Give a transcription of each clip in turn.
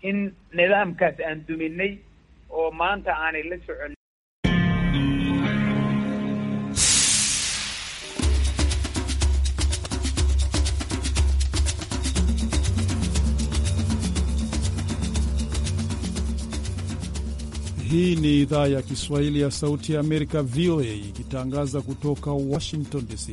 in nidaamkaas aan duminay oo maanta aanay la socon. Hii ni idhaa ya Kiswahili ya Sauti ya Amerika, VOA, ikitangaza kutoka Washington DC.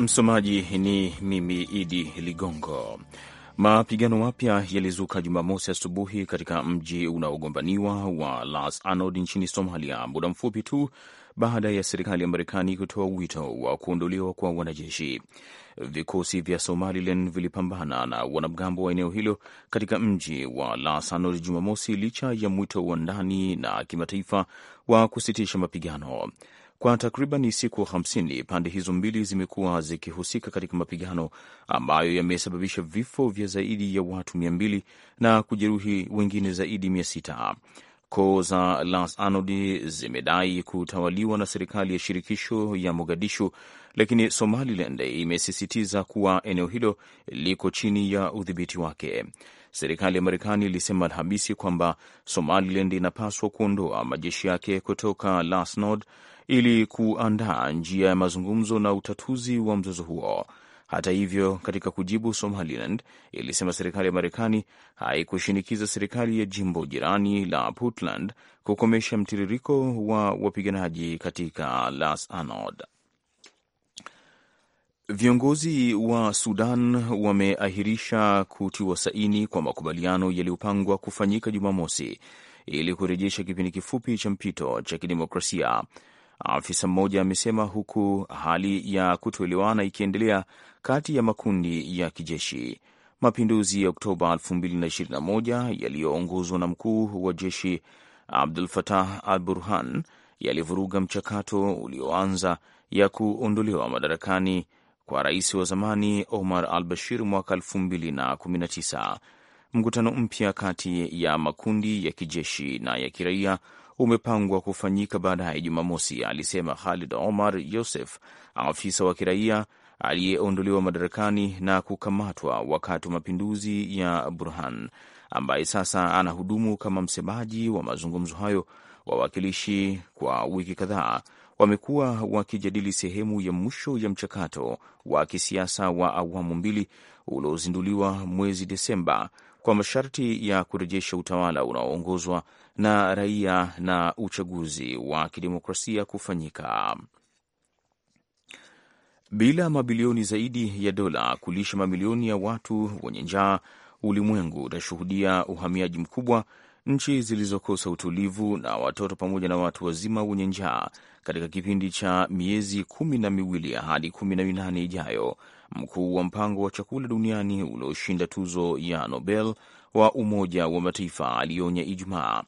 Msomaji ni mimi Idi Ligongo. Mapigano mapya yalizuka Jumamosi asubuhi katika mji unaogombaniwa wa Las Anod nchini Somalia, muda mfupi tu baada ya serikali ya Marekani kutoa wito wa kuondolewa kwa wanajeshi. Vikosi vya Somaliland vilipambana na wanamgambo wa eneo hilo katika mji wa Las Anod Jumamosi, licha ya mwito wa ndani na kimataifa wa kusitisha mapigano. Kwa takriban siku 50 pande hizo mbili zimekuwa zikihusika katika mapigano ambayo yamesababisha vifo vya zaidi ya watu mia na kujeruhi wengine zaidi mia Koo za Las Anod zimedai kutawaliwa na serikali ya shirikisho ya Mogadishu, lakini Somaliland imesisitiza kuwa eneo hilo liko chini ya udhibiti wake. Serikali ya Marekani ilisema Alhamisi kwamba Somaliland inapaswa kuondoa majeshi yake kutoka Las Anod ili kuandaa njia ya mazungumzo na utatuzi wa mzozo huo. Hata hivyo, katika kujibu, Somaliland ilisema serikali ya Marekani haikushinikiza serikali ya jimbo jirani la Puntland kukomesha mtiririko wa wapiganaji katika Las Anod. Viongozi wa Sudan wameahirisha kutiwa saini kwa makubaliano yaliyopangwa kufanyika Jumamosi ili kurejesha kipindi kifupi cha mpito cha kidemokrasia afisa mmoja amesema, huku hali ya kutoelewana ikiendelea kati ya makundi ya kijeshi. Mapinduzi ya Oktoba 2021 yaliyoongozwa na mkuu wa jeshi Abdul Fatah al Burhan yalivuruga mchakato ulioanza ya kuondolewa madarakani kwa rais wa zamani Omar al Bashir mwaka 2019. Mkutano mpya kati ya makundi ya kijeshi na ya kiraia umepangwa kufanyika baadaye Jumamosi, alisema Khalid Omar Yosef, afisa wa kiraia aliyeondolewa madarakani na kukamatwa wakati wa mapinduzi ya Burhan, ambaye sasa anahudumu kama msemaji wa mazungumzo hayo. Wawakilishi kwa wiki kadhaa wamekuwa wakijadili sehemu ya mwisho ya mchakato wa kisiasa wa awamu mbili uliozinduliwa mwezi Desemba kwa masharti ya kurejesha utawala unaoongozwa na raia na uchaguzi wa kidemokrasia kufanyika. Bila mabilioni zaidi ya dola kulisha mamilioni ya watu wenye njaa, ulimwengu utashuhudia uhamiaji mkubwa, nchi zilizokosa utulivu na watoto pamoja na watu wazima wenye njaa katika kipindi cha miezi kumi na miwili hadi kumi na minane ijayo mkuu wa mpango wa chakula duniani ulioshinda tuzo ya Nobel wa Umoja wa Mataifa alionya Ijumaa.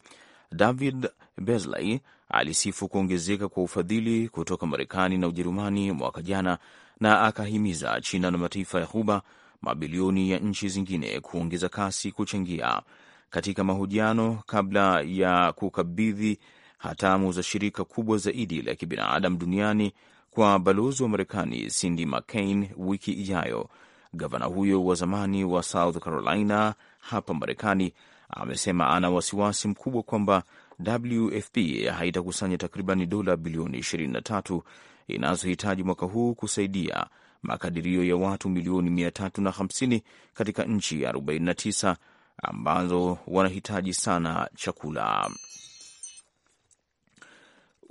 David Beasley alisifu kuongezeka kwa ufadhili kutoka Marekani na Ujerumani mwaka jana na akahimiza China na mataifa ya Ghuba mabilioni ya nchi zingine kuongeza kasi kuchangia. Katika mahojiano kabla ya kukabidhi hatamu za shirika kubwa zaidi la kibinadamu duniani kwa balozi wa Marekani Cindy McCain wiki ijayo. Gavana huyo wa zamani wa South Carolina hapa Marekani amesema ana wasiwasi mkubwa kwamba WFP haitakusanya takriban dola bilioni 23 inazohitaji mwaka huu kusaidia makadirio ya watu milioni 350 katika nchi 49 ambazo wanahitaji sana chakula.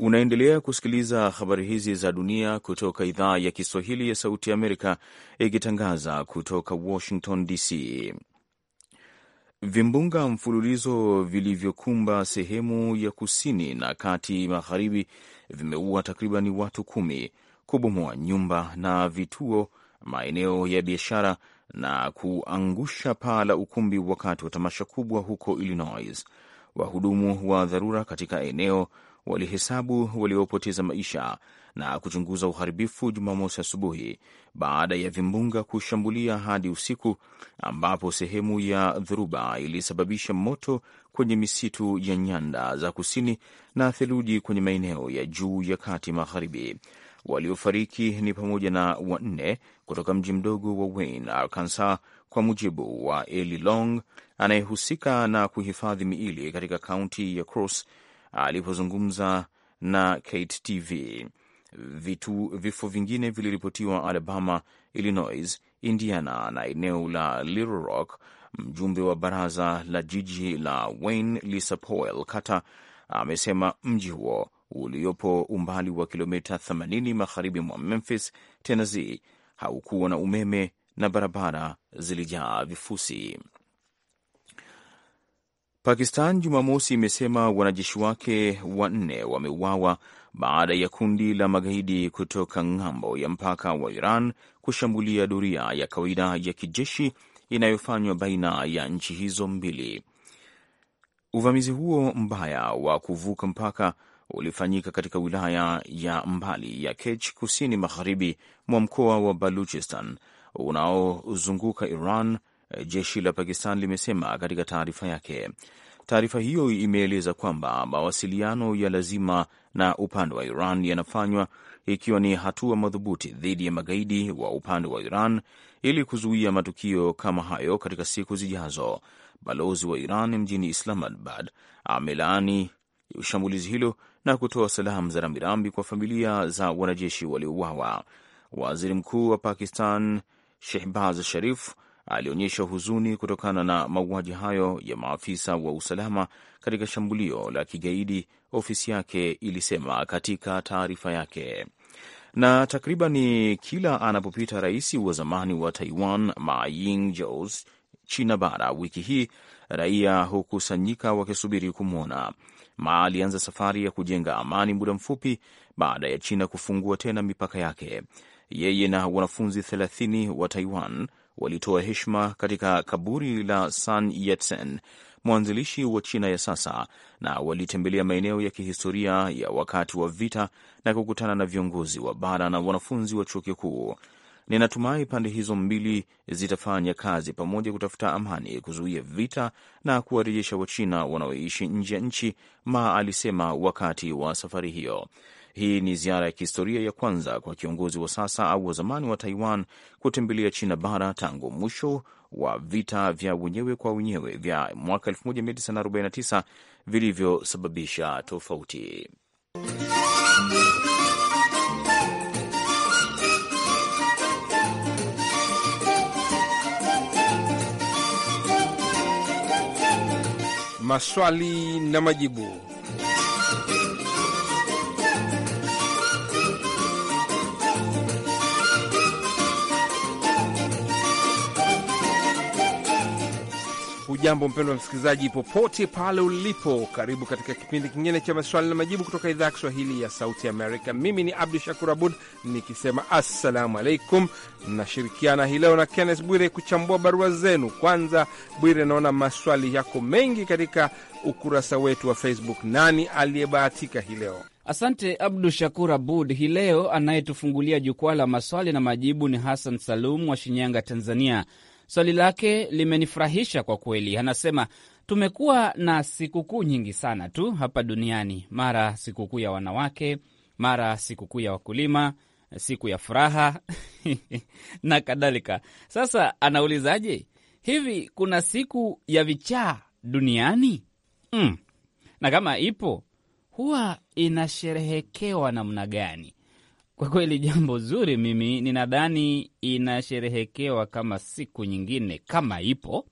Unaendelea kusikiliza habari hizi za dunia kutoka idhaa ya Kiswahili ya Sauti ya Amerika ikitangaza kutoka Washington DC. Vimbunga mfululizo vilivyokumba sehemu ya kusini na kati magharibi vimeua takriban watu kumi, kubomoa nyumba na vituo, maeneo ya biashara na kuangusha paa la ukumbi wakati wa tamasha kubwa huko Illinois. Wahudumu wa dharura katika eneo walihesabu waliopoteza maisha na kuchunguza uharibifu Jumamosi asubuhi baada ya vimbunga kushambulia hadi usiku, ambapo sehemu ya dhoruba ilisababisha moto kwenye misitu ya nyanda za kusini na theluji kwenye maeneo ya juu ya kati magharibi. Waliofariki ni pamoja na wanne kutoka mji mdogo wa Wayne, Arkansas, kwa mujibu wa Eli Long anayehusika na kuhifadhi miili katika kaunti ya Cross alipozungumza na Kate TV. Vitu vifo vingine viliripotiwa Alabama, Illinois, Indiana na eneo la Little Rock. Mjumbe wa baraza la jiji la Wayne, Lisa Powell Carter, amesema mji huo uliopo umbali wa kilomita 80 magharibi mwa Memphis, Tennessee, haukuwa na umeme na barabara zilijaa vifusi. Pakistan Jumamosi imesema wanajeshi wake wanne wameuawa baada ya kundi la magaidi kutoka ng'ambo ya mpaka wa Iran kushambulia doria ya kawaida ya kijeshi inayofanywa baina ya nchi hizo mbili. Uvamizi huo mbaya wa kuvuka mpaka ulifanyika katika wilaya ya mbali ya Kech kusini magharibi mwa mkoa wa Baluchistan unaozunguka Iran Eh, jeshi la Pakistan limesema katika taarifa yake. Taarifa hiyo imeeleza kwamba mawasiliano ya lazima na upande wa Iran yanafanywa ikiwa ni hatua madhubuti dhidi ya magaidi wa upande wa Iran ili kuzuia matukio kama hayo katika siku zijazo. Balozi wa Iran mjini Islamabad amelaani shambulizi hilo na kutoa salamu za rambirambi kwa familia za wanajeshi waliouawa. Waziri Mkuu wa Pakistan Shehbaz Sharif alionyesha huzuni kutokana na mauaji hayo ya maafisa wa usalama katika shambulio la kigaidi, ofisi yake ilisema katika taarifa yake. Na takriban kila anapopita rais wa zamani wa Taiwan Ma Ying-jeou China bara wiki hii, raia hukusanyika wakisubiri kumwona Ma. Alianza safari ya kujenga amani muda mfupi baada ya China kufungua tena mipaka yake. Yeye na wanafunzi 30 wa Taiwan walitoa heshima katika kaburi la Sun Yat-sen, mwanzilishi wa China ya sasa, na walitembelea maeneo ya kihistoria ya wakati wa vita na kukutana na viongozi wa bara na wanafunzi wa chuo kikuu. Ninatumai pande hizo mbili zitafanya kazi pamoja kutafuta amani, kuzuia vita na kuwarejesha Wachina wanaoishi nje ya nchi, Ma alisema wakati wa safari hiyo. Hii ni ziara ya kihistoria ya kwanza kwa kiongozi wa sasa au wa zamani wa Taiwan kutembelea China bara tangu mwisho wa vita vya wenyewe kwa wenyewe vya mwaka 1949 vilivyosababisha tofauti. Maswali na majibu. Hujambo mpendwa msikilizaji, popote pale ulipo, karibu katika kipindi kingine cha maswali na majibu kutoka idhaa ya Kiswahili ya Sauti Amerika. Mimi ni Abdu Shakur Abud nikisema assalamu alaikum. Nashirikiana hii leo na Kennes Bwire kuchambua barua zenu. Kwanza Bwire, naona maswali yako mengi katika ukurasa wetu wa Facebook. Nani aliyebahatika hii leo? Asante Abdu Shakur Abud. Hii leo anayetufungulia jukwaa la maswali na majibu ni Hassan Salum wa Shinyanga, Tanzania. Swali lake limenifurahisha kwa kweli. Anasema tumekuwa na sikukuu nyingi sana tu hapa duniani, mara sikukuu ya wanawake, mara sikukuu ya wakulima, siku ya furaha na kadhalika. Sasa anaulizaje, hivi kuna siku ya vichaa duniani? Mm. na kama ipo huwa inasherehekewa namna gani? Kwa kweli jambo zuri, mimi ninadhani inasherehekewa kama siku nyingine kama ipo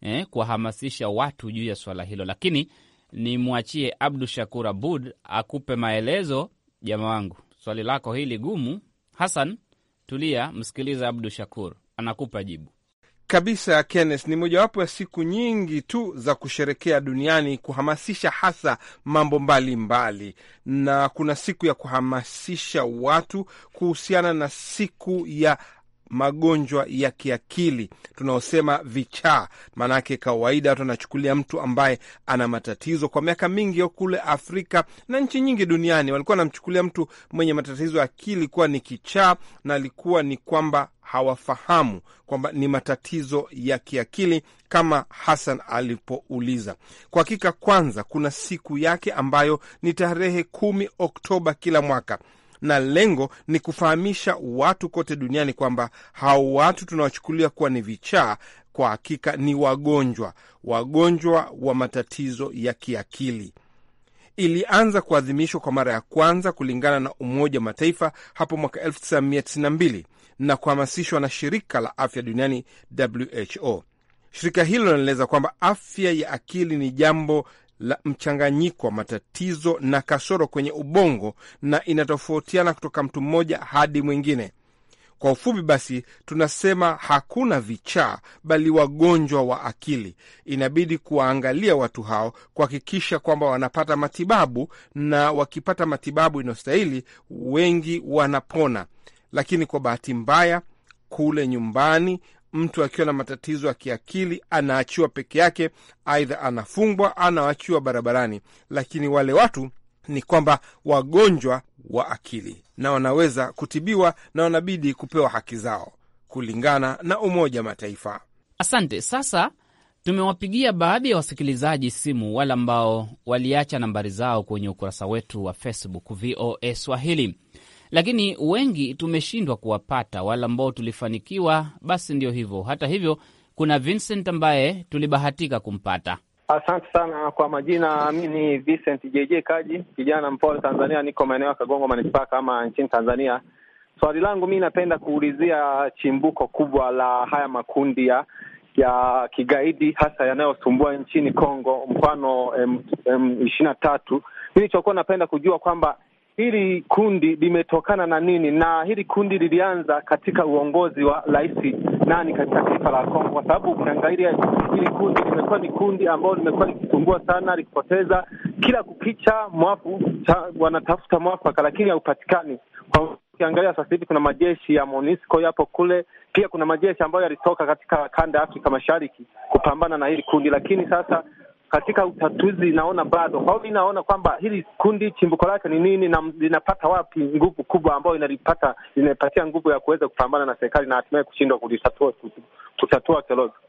eh, kuwahamasisha watu juu ya swala hilo, lakini nimwachie Abdu Shakur Abud akupe maelezo. Jama wangu, swali lako hili gumu. Hasan, tulia, msikiliza Abdu Shakur anakupa jibu kabisa Kenneth, ni mojawapo ya siku nyingi tu za kusherekea duniani kuhamasisha hasa mambo mbalimbali mbali. Na kuna siku ya kuhamasisha watu kuhusiana na siku ya magonjwa ya kiakili tunaosema vichaa. Maanake kawaida watu wanachukulia mtu ambaye ana matatizo kwa miaka mingi yo kule Afrika na nchi nyingi duniani walikuwa wanamchukulia mtu mwenye matatizo ya akili kuwa ni kichaa, na alikuwa ni kwamba hawafahamu kwamba ni matatizo ya kiakili kama Hassan alipouliza. Kwa hakika, kwanza kuna siku yake ambayo ni tarehe kumi Oktoba kila mwaka na lengo ni kufahamisha watu kote duniani kwamba hao watu tunawachukulia kuwa ni vichaa kwa hakika ni wagonjwa, wagonjwa wa matatizo ya kiakili. Ilianza kuadhimishwa kwa mara ya kwanza kulingana na Umoja wa Mataifa hapo mwaka 1992 na kuhamasishwa na Shirika la Afya Duniani, WHO. Shirika hilo linaeleza kwamba afya ya akili ni jambo la mchanganyiko wa matatizo na kasoro kwenye ubongo na inatofautiana kutoka mtu mmoja hadi mwingine. Kwa ufupi basi, tunasema hakuna vichaa, bali wagonjwa wa akili. Inabidi kuwaangalia watu hao, kuhakikisha kwamba wanapata matibabu, na wakipata matibabu inayostahili, wengi wanapona. Lakini kwa bahati mbaya, kule nyumbani mtu akiwa na matatizo ya kiakili anaachiwa peke yake, aidha anafungwa, anaachiwa barabarani. Lakini wale watu ni kwamba wagonjwa wa akili na wanaweza kutibiwa na wanabidi kupewa haki zao kulingana na Umoja wa Mataifa. Asante. Sasa tumewapigia baadhi ya wasikilizaji simu, wale ambao waliacha nambari zao kwenye ukurasa wetu wa Facebook VOA Swahili lakini wengi tumeshindwa kuwapata, wala ambao tulifanikiwa, basi ndio hivyo. Hata hivyo, kuna Vincent ambaye tulibahatika kumpata. Asante sana kwa majina, mi ni Vincent JJ Kaji, kijana mpole Tanzania, niko maeneo ya Kagongo manispaa kama nchini Tanzania. Swali langu mi napenda kuulizia chimbuko kubwa la haya makundi ya ya kigaidi hasa yanayosumbua nchini Kongo, mfano ishirini na tatu. Nilichokuwa napenda kujua kwamba hili kundi limetokana na nini, na hili kundi lilianza katika uongozi wa rais nani katika taifa la Kongo? Kwa sababu ukiangalia hili kundi limekuwa ni kundi ambalo limekuwa likisumbua sana, likipoteza kila kukicha mwafu, wanatafuta mwafaka lakini haupatikani. Ukiangalia sasa hivi kuna majeshi ya MONUSCO yapo kule, pia kuna majeshi ambayo yalitoka katika kanda ya Afrika Mashariki kupambana na hili kundi, lakini sasa katika utatuzi, naona bado kwao inaona naona kwamba hili kundi chimbuko lake ni nini na linapata wapi nguvu kubwa ambayo inalipata inaipatia nguvu ya kuweza kupambana na serikali na hatimaye kushindwa kulitatua kutatua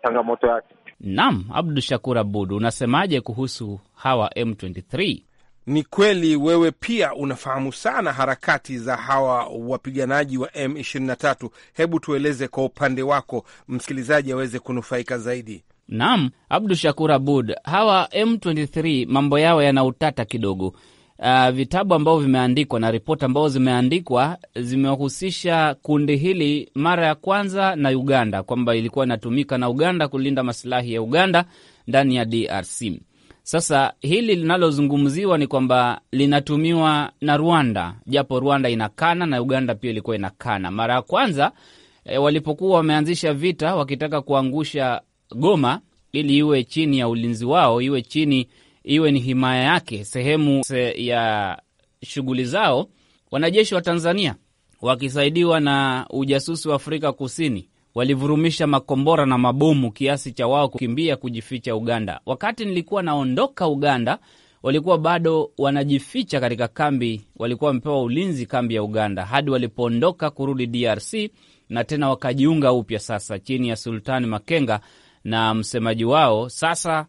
changamoto yake. Naam, Abdu Shakur Abud, unasemaje kuhusu hawa M23? Ni kweli wewe pia unafahamu sana harakati za hawa wapiganaji wa M23. Hebu tueleze kwa upande wako, msikilizaji aweze kunufaika zaidi. Naam, Abdu Shakur Abud, hawa M23 mambo yao yana utata kidogo. Uh, vitabu ambavyo vimeandikwa na ripoti ambazo zimeandikwa zimewahusisha kundi hili mara ya kwanza na Uganda, kwamba ilikuwa inatumika na Uganda kulinda masilahi ya Uganda ndani ya DRC. Sasa hili linalozungumziwa ni kwamba linatumiwa na Rwanda, japo Rwanda inakana na Uganda pia ilikuwa inakana. Mara ya kwanza e, walipokuwa wameanzisha vita wakitaka kuangusha Goma ili iwe chini ya ulinzi wao, iwe chini, iwe ni himaya yake, sehemu se ya shughuli zao. Wanajeshi wa Tanzania wakisaidiwa na ujasusi wa Afrika Kusini walivurumisha makombora na mabomu kiasi cha wao kukimbia kujificha Uganda. Wakati nilikuwa naondoka Uganda, walikuwa bado wanajificha katika kambi, walikuwa wamepewa ulinzi kambi ya Uganda hadi walipoondoka kurudi DRC na tena wakajiunga upya sasa chini ya Sultani Makenga na msemaji wao. Sasa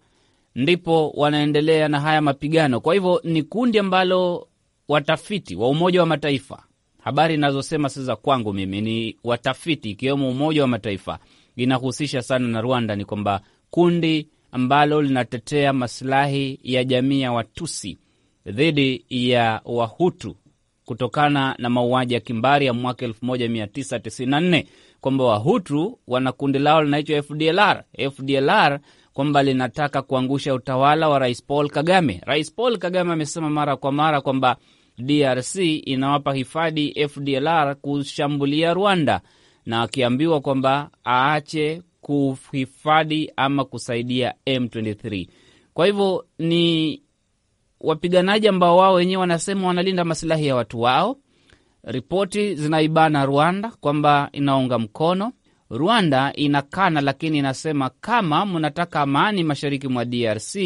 ndipo wanaendelea na haya mapigano. Kwa hivyo ni kundi ambalo watafiti wa Umoja wa Mataifa, habari inazosema sasa kwangu mimi ni watafiti, ikiwemo Umoja wa Mataifa inahusisha sana na Rwanda, ni kwamba kundi ambalo linatetea masilahi ya jamii ya Watusi dhidi ya Wahutu kutokana na mauaji ya kimbari ya mwaka 1994 kwamba Wahutu wana kundi lao linaitwa FDLR. FDLR kwamba linataka kuangusha utawala wa Rais Paul Kagame. Rais Paul Kagame amesema mara kwa mara kwamba DRC inawapa hifadhi FDLR kushambulia Rwanda, na akiambiwa kwamba aache kuhifadhi ama kusaidia M23. Kwa hivyo ni wapiganaji ambao wao wenyewe wanasema wanalinda masilahi ya watu wao Ripoti zinaibana Rwanda kwamba inaunga mkono Rwanda inakana, lakini inasema kama mnataka amani mashariki mwa DRC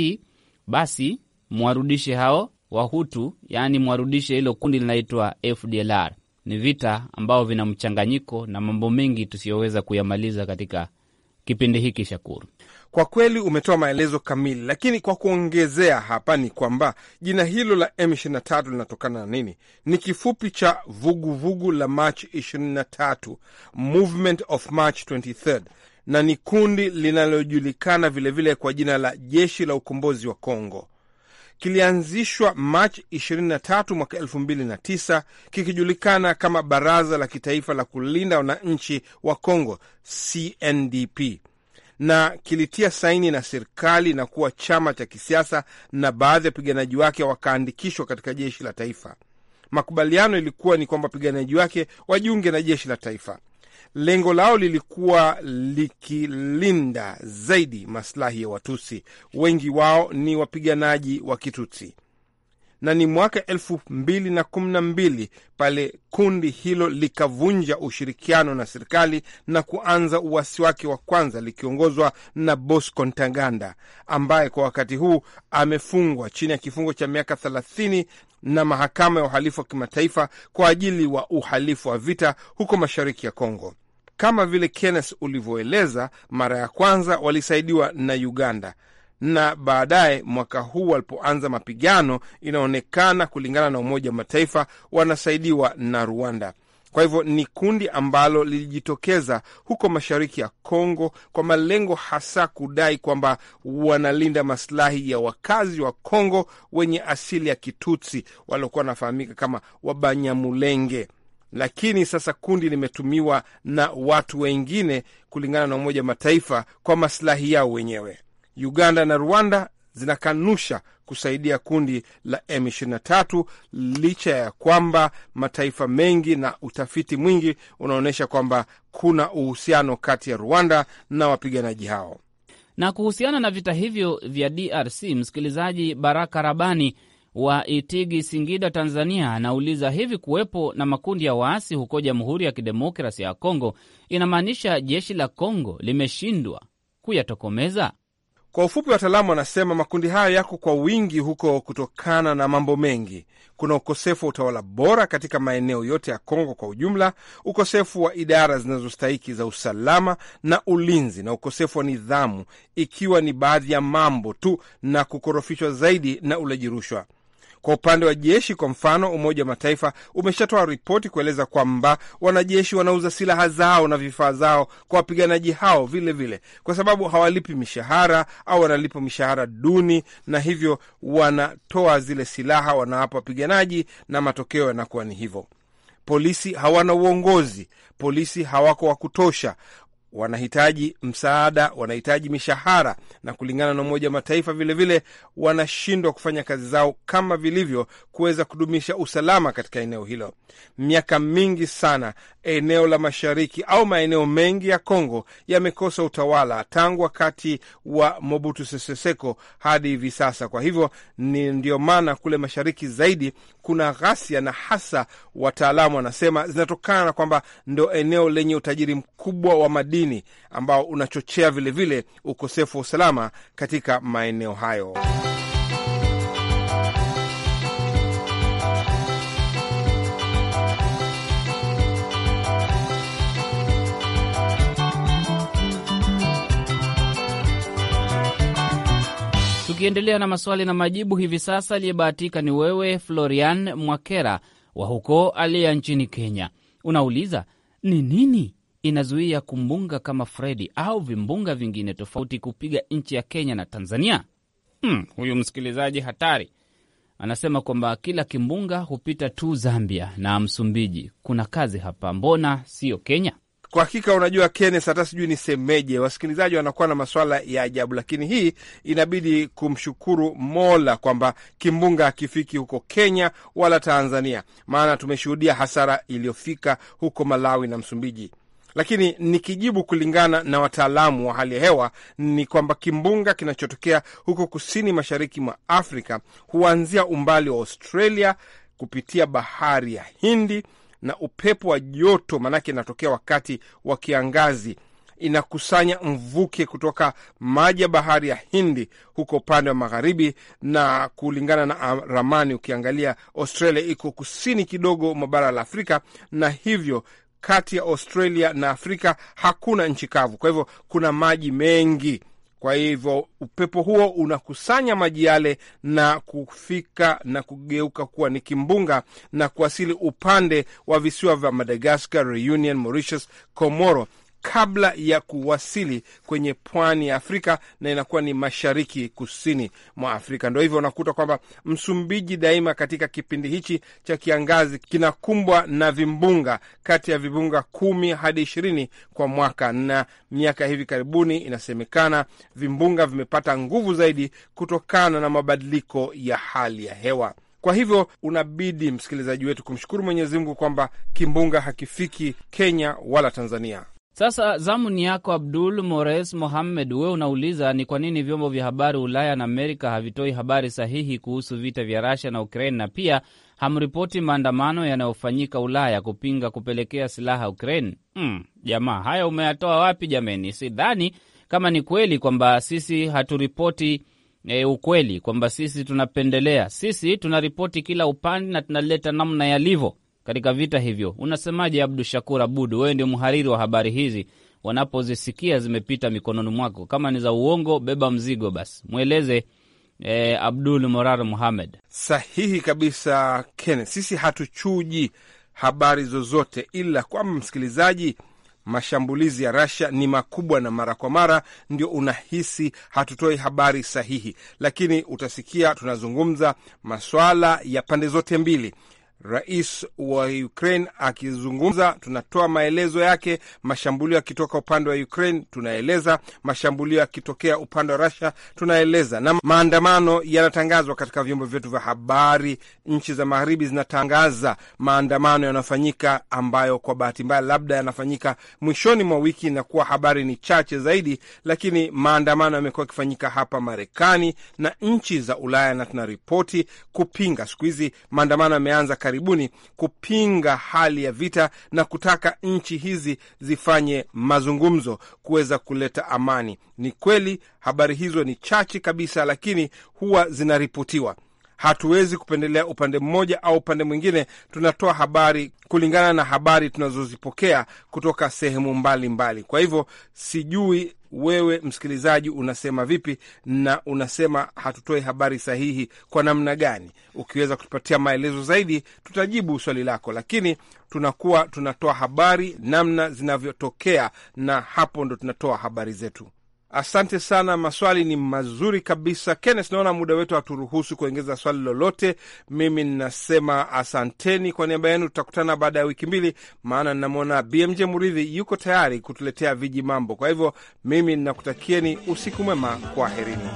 basi mwarudishe hao Wahutu, yaani mwarudishe hilo kundi linaitwa FDLR. Ni vita ambao vina mchanganyiko na mambo mengi tusiyoweza kuyamaliza katika kipindi hiki, Shakuru. Kwa kweli umetoa maelezo kamili, lakini kwa kuongezea hapa ni kwamba jina hilo la M23 linatokana na nini? Ni kifupi cha vuguvugu vugu la March 23, Movement of March 23, na ni kundi linalojulikana vilevile kwa jina la Jeshi la Ukombozi wa Kongo. Kilianzishwa mach 23 mwaka 2009 kikijulikana kama Baraza la Kitaifa la Kulinda Wananchi wa Kongo, CNDP na kilitia saini na serikali na kuwa chama cha kisiasa, na baadhi ya wapiganaji wake wakaandikishwa katika jeshi la taifa. Makubaliano ilikuwa ni kwamba wapiganaji wake wajiunge na jeshi la taifa. Lengo lao lilikuwa likilinda zaidi maslahi ya Watusi, wengi wao ni wapiganaji wa Kitutsi na ni mwaka elfu mbili na kumi na mbili pale kundi hilo likavunja ushirikiano na serikali na kuanza uwasi wake wa kwanza likiongozwa na Bosco Ntaganda ambaye kwa wakati huu amefungwa chini ya kifungo cha miaka thelathini na mahakama ya uhalifu wa kimataifa kwa ajili wa uhalifu wa vita huko mashariki ya Kongo. Kama vile Kenneth ulivyoeleza, mara ya kwanza walisaidiwa na Uganda na baadaye mwaka huu walipoanza mapigano, inaonekana kulingana na Umoja wa Mataifa wanasaidiwa na Rwanda. Kwa hivyo ni kundi ambalo lilijitokeza huko mashariki ya Kongo kwa malengo hasa kudai kwamba wanalinda masilahi ya wakazi wa Kongo wenye asili ya Kitutsi waliokuwa wanafahamika kama Wabanyamulenge. Lakini sasa kundi limetumiwa na watu wengine kulingana na Umoja wa Mataifa kwa masilahi yao wenyewe. Uganda na Rwanda zinakanusha kusaidia kundi la M23 licha ya kwamba mataifa mengi na utafiti mwingi unaonyesha kwamba kuna uhusiano kati ya Rwanda na wapiganaji hao. Na kuhusiana na vita hivyo vya DRC, msikilizaji Baraka Rabani wa Itigi, Singida, Tanzania anauliza hivi, kuwepo na makundi ya waasi huko Jamhuri ya Kidemokrasia ya Kongo inamaanisha jeshi la Kongo limeshindwa kuyatokomeza? Kwa ufupi, wataalamu wanasema makundi hayo yako kwa wingi huko kutokana na mambo mengi. Kuna ukosefu wa utawala bora katika maeneo yote ya Kongo kwa ujumla, ukosefu wa idara zinazostahiki za usalama na ulinzi, na ukosefu wa nidhamu, ikiwa ni baadhi ya mambo tu, na kukorofishwa zaidi na ulaji rushwa. Kwa upande wa jeshi, kwa mfano, Umoja wa Mataifa umeshatoa ripoti kueleza kwamba wanajeshi wanauza silaha zao na vifaa zao kwa wapiganaji hao vilevile vile, kwa sababu hawalipi mishahara au wanalipa mishahara duni, na hivyo wanatoa zile silaha wanawapa wapiganaji, na matokeo yanakuwa ni hivyo. Polisi hawana uongozi, polisi hawako wa kutosha, wanahitaji msaada, wanahitaji mishahara, na kulingana na Umoja wa Mataifa vilevile wanashindwa kufanya kazi zao kama vilivyo kuweza kudumisha usalama katika eneo hilo. Miaka mingi sana, eneo la mashariki au maeneo mengi ya Kongo yamekosa utawala tangu wakati wa Mobutu Sese Seko hadi hivi sasa. Kwa hivyo ni ndio maana kule mashariki zaidi kuna ghasia, na hasa wataalamu wanasema zinatokana na kwamba ndo eneo lenye utajiri mkubwa wa madini kidini ambao unachochea vilevile ukosefu wa usalama katika maeneo hayo. Tukiendelea na maswali na majibu hivi sasa, aliyebahatika ni wewe Florian Mwakera wa huko Alea nchini Kenya. Unauliza, ni nini inazuia kumbunga kama Fredi au vimbunga vingine tofauti kupiga nchi ya Kenya na Tanzania? Hmm, huyu msikilizaji hatari anasema kwamba kila kimbunga hupita tu Zambia na Msumbiji. Kuna kazi hapa, mbona siyo Kenya? Kwa hakika, unajua Kenneth, hata sijui nisemeje, wasikilizaji wanakuwa na maswala ya ajabu, lakini hii inabidi kumshukuru Mola kwamba kimbunga hakifiki huko Kenya wala Tanzania, maana tumeshuhudia hasara iliyofika huko Malawi na Msumbiji. Lakini nikijibu kulingana na wataalamu wa hali ya hewa ni kwamba kimbunga kinachotokea huko kusini mashariki mwa Afrika huanzia umbali wa Australia kupitia bahari ya Hindi na upepo wa joto, maanake inatokea wakati wa kiangazi, inakusanya mvuke kutoka maji ya bahari ya Hindi huko upande wa magharibi. Na kulingana na ramani, ukiangalia Australia iko kusini kidogo mwa bara la Afrika, na hivyo kati ya Australia na Afrika hakuna nchi kavu, kwa hivyo kuna maji mengi. Kwa hivyo upepo huo unakusanya maji yale na kufika na kugeuka kuwa ni kimbunga na kuwasili upande wa visiwa vya madagascar Reunion, Mauritius, comoro kabla ya kuwasili kwenye pwani ya Afrika na inakuwa ni mashariki kusini mwa Afrika. Ndo hivyo unakuta kwamba Msumbiji daima katika kipindi hichi cha kiangazi kinakumbwa na vimbunga, kati ya vimbunga kumi hadi ishirini kwa mwaka, na miaka hivi karibuni inasemekana vimbunga vimepata nguvu zaidi kutokana na mabadiliko ya hali ya hewa. Kwa hivyo unabidi msikilizaji wetu kumshukuru Mwenyezi Mungu kwamba kimbunga hakifiki Kenya wala Tanzania. Sasa zamu ni yako Abdul Mores Mohammed, wewe unauliza ni kwa nini vyombo vya habari Ulaya na Amerika havitoi habari sahihi kuhusu vita vya Rasia na Ukraine, na pia hamripoti maandamano yanayofanyika Ulaya kupinga kupelekea silaha Ukraine. Mm, jamaa haya umeyatoa wapi jameni? Sidhani kama ni kweli kwamba sisi haturipoti E, ukweli kwamba sisi tunapendelea, sisi tunaripoti kila upande na tunaleta namna yalivyo katika vita hivyo. Unasemaje, Abdu Shakur Abudu, wewe ndio mhariri wa habari hizi, wanapozisikia zimepita mikononi mwako, kama ni za uongo, beba mzigo basi, mweleze e, Abdul Morar Muhamed. Sahihi kabisa, Kenneth, sisi hatuchuji habari zozote, ila kwamba msikilizaji mashambulizi ya Russia ni makubwa na mara kwa mara ndio unahisi hatutoi habari sahihi, lakini utasikia tunazungumza maswala ya pande zote mbili. Rais wa Ukraine akizungumza, tunatoa maelezo yake. Mashambulio yakitoka upande wa Ukraine tunaeleza, mashambulio yakitokea upande wa Russia tunaeleza, na maandamano yanatangazwa katika vyombo vyetu vya habari. Nchi za magharibi zinatangaza maandamano yanayofanyika, ambayo kwa bahati mbaya labda yanafanyika mwishoni mwa wiki na kuwa habari ni chache zaidi, lakini maandamano yamekuwa yakifanyika hapa Marekani na nchi za Ulaya na tunaripoti kupinga. Siku hizi maandamano yameanza karibuni kupinga hali ya vita na kutaka nchi hizi zifanye mazungumzo kuweza kuleta amani. Ni kweli habari hizo ni chache kabisa, lakini huwa zinaripotiwa. Hatuwezi kupendelea upande mmoja au upande mwingine. Tunatoa habari kulingana na habari tunazozipokea kutoka sehemu mbalimbali mbali. Kwa hivyo sijui wewe msikilizaji unasema vipi, na unasema hatutoi habari sahihi kwa namna gani? Ukiweza kutupatia maelezo zaidi, tutajibu swali lako, lakini tunakuwa tunatoa habari namna zinavyotokea, na hapo ndo tunatoa habari zetu. Asante sana, maswali ni mazuri kabisa Kenneth. Naona muda wetu haturuhusu kuongeza swali lolote. Mimi ninasema asanteni kwa niaba yenu, tutakutana baada ya wiki mbili, maana ninamwona BMJ Muridhi yuko tayari kutuletea viji mambo. Kwa hivyo mimi ninakutakieni usiku mwema, kwaherini.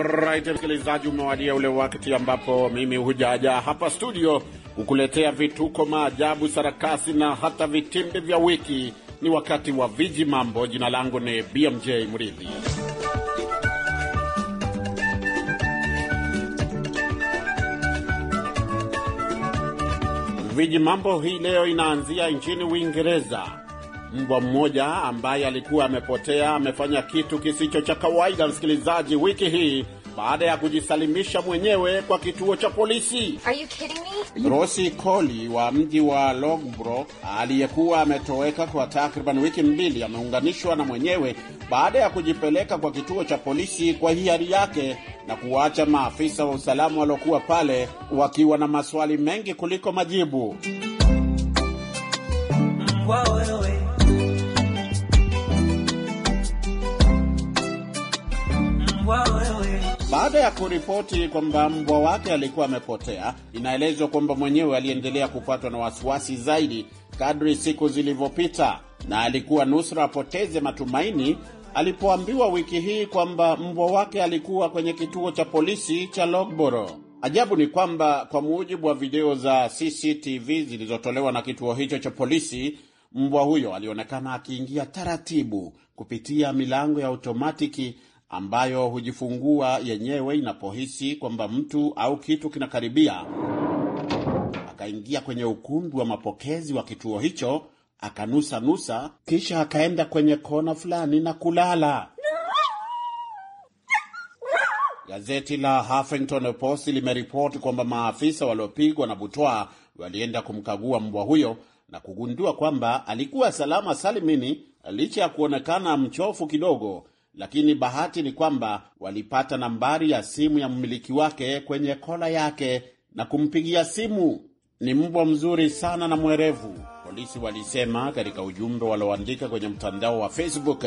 Right, msikilizaji, umewadia ule wakati ambapo mimi hujaja hapa studio kukuletea vituko, maajabu, sarakasi na hata vitimbi vya wiki. Ni wakati wa viji mambo. Jina langu ni BMJ Mridhi. Viji mambo hii leo inaanzia nchini Uingereza. Mbwa mmoja ambaye alikuwa amepotea amefanya kitu kisicho cha kawaida, msikilizaji, wiki hii baada ya kujisalimisha mwenyewe kwa kituo cha polisi. Rosi Koli wa mji wa Logbro aliyekuwa ametoweka kwa takriban wiki mbili ameunganishwa na mwenyewe baada ya kujipeleka kwa kituo cha polisi kwa hiari yake na kuwaacha maafisa wa usalama waliokuwa pale wakiwa na maswali mengi kuliko majibu. Wow, wow, wow. Licha kuripoti kwamba mbwa wake alikuwa amepotea, inaelezwa kwamba mwenyewe aliendelea kupatwa na wasiwasi zaidi kadri siku zilivyopita, na alikuwa nusra apoteze matumaini alipoambiwa wiki hii kwamba mbwa wake alikuwa kwenye kituo cha polisi cha Logboro. Ajabu ni kwamba kwa mujibu wa video za CCTV zilizotolewa na kituo hicho cha polisi, mbwa huyo alionekana akiingia taratibu kupitia milango ya otomatiki ambayo hujifungua yenyewe inapohisi kwamba mtu au kitu kinakaribia. Akaingia kwenye ukumbi wa mapokezi wa kituo hicho, akanusa nusa, kisha akaenda kwenye kona fulani na kulala. Gazeti la Huffington Post limeripoti kwamba maafisa waliopigwa na butoa walienda kumkagua mbwa huyo na kugundua kwamba alikuwa salama salimini licha ya kuonekana mchofu kidogo lakini bahati ni kwamba walipata nambari ya simu ya mmiliki wake kwenye kola yake na kumpigia simu. Ni mbwa mzuri sana na mwerevu, polisi walisema katika ujumbe walioandika kwenye mtandao wa Facebook.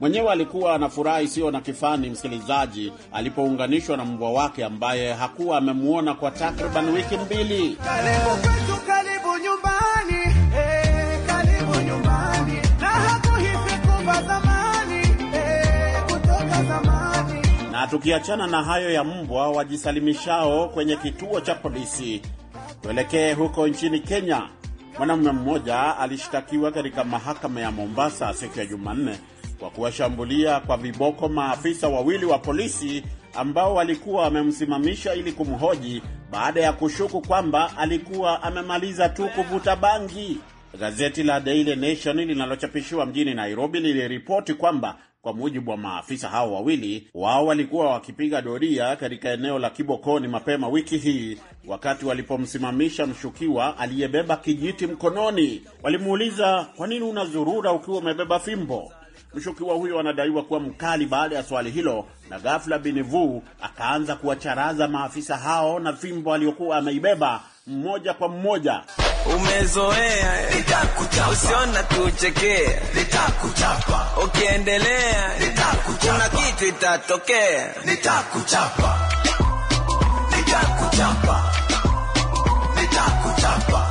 Mwenyewe alikuwa na furaha isiyo na kifani, msikilizaji, alipounganishwa na mbwa wake ambaye hakuwa amemwona kwa takriban wiki mbili. Na tukiachana na hayo ya mbwa wajisalimishao kwenye kituo cha polisi, tuelekee huko nchini Kenya. Mwanamume mmoja alishtakiwa katika mahakama ya Mombasa siku ya Jumanne kwa kuwashambulia kwa viboko maafisa wawili wa polisi ambao walikuwa wamemsimamisha ili kumhoji baada ya kushuku kwamba alikuwa amemaliza tu kuvuta bangi. Gazeti la Daily Nation linalochapishiwa mjini Nairobi liliripoti kwamba kwa mujibu wa maafisa hao wawili, wao walikuwa wakipiga doria katika eneo la Kibokoni mapema wiki hii, wakati walipomsimamisha mshukiwa aliyebeba kijiti mkononi. Walimuuliza, kwa nini unazurura ukiwa umebeba fimbo? Mshukiwa huyo anadaiwa kuwa mkali baada ya swali hilo, na ghafla Binivu akaanza kuwacharaza maafisa hao na fimbo aliyokuwa ameibeba mmoja kwa mmoja. Umezoea eh. usiona tuchekea, ukiendelea kuna kitu itatokea, nitakuchapa nitakuchapa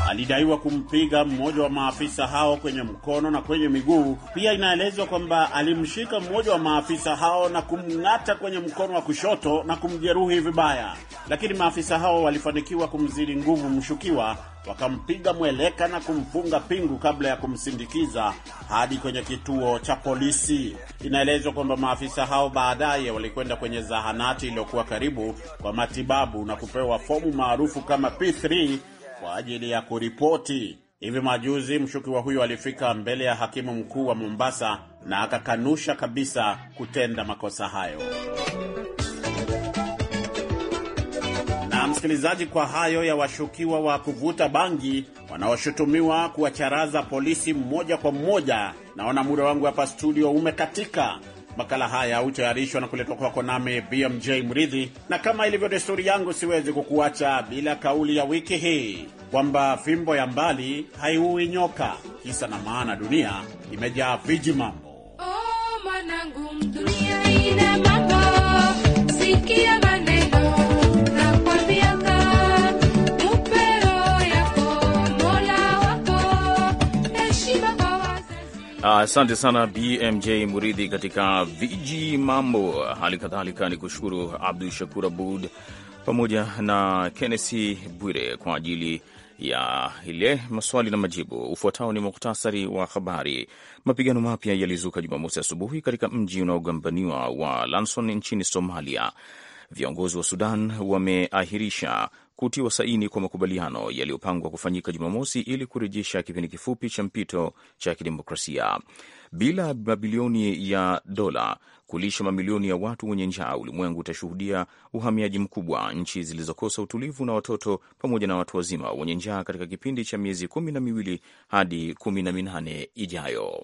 alidaiwa kumpiga mmoja wa maafisa hao kwenye mkono na kwenye miguu. Pia inaelezwa kwamba alimshika mmoja wa maafisa hao na kumng'ata kwenye mkono wa kushoto na kumjeruhi vibaya, lakini maafisa hao walifanikiwa kumzidi nguvu mshukiwa, wakampiga mweleka na kumfunga pingu kabla ya kumsindikiza hadi kwenye kituo cha polisi. Inaelezwa kwamba maafisa hao baadaye walikwenda kwenye zahanati iliyokuwa karibu kwa matibabu na kupewa fomu maarufu kama P3 kwa ajili ya kuripoti. Hivi majuzi mshukiwa huyo alifika mbele ya hakimu mkuu wa Mombasa na akakanusha kabisa kutenda makosa hayo. Na msikilizaji, kwa hayo ya washukiwa wa kuvuta bangi wanaoshutumiwa kuwacharaza polisi mmoja kwa mmoja, naona muda wangu hapa studio umekatika. Makala haya hutayarishwa na kuletwa kwako nami BMJ Mridhi, na kama ilivyo desturi yangu, siwezi kukuacha bila kauli ya wiki hii kwamba fimbo ya mbali haiui nyoka. Kisa na maana, dunia imejaa mambo. Oh, Asante uh, sana BMJ Muridhi katika viji mambo. Hali kadhalika ni kushukuru Abdu Shakur Abud pamoja na Kennesi Bwire kwa ajili ya ile maswali na majibu. Ufuatao ni muktasari wa habari. Mapigano mapya yalizuka Jumamosi asubuhi katika mji unaogambaniwa wa Lanson nchini Somalia. Viongozi wa Sudan wameahirisha kutiwa saini kwa makubaliano yaliyopangwa kufanyika Jumamosi ili kurejesha kipindi kifupi cha mpito cha kidemokrasia. Bila mabilioni ya dola kulisha mamilioni ya watu wenye njaa, ulimwengu utashuhudia uhamiaji mkubwa, nchi zilizokosa utulivu na watoto pamoja na watu wazima wenye njaa katika kipindi cha miezi kumi na miwili hadi kumi na minane ijayo.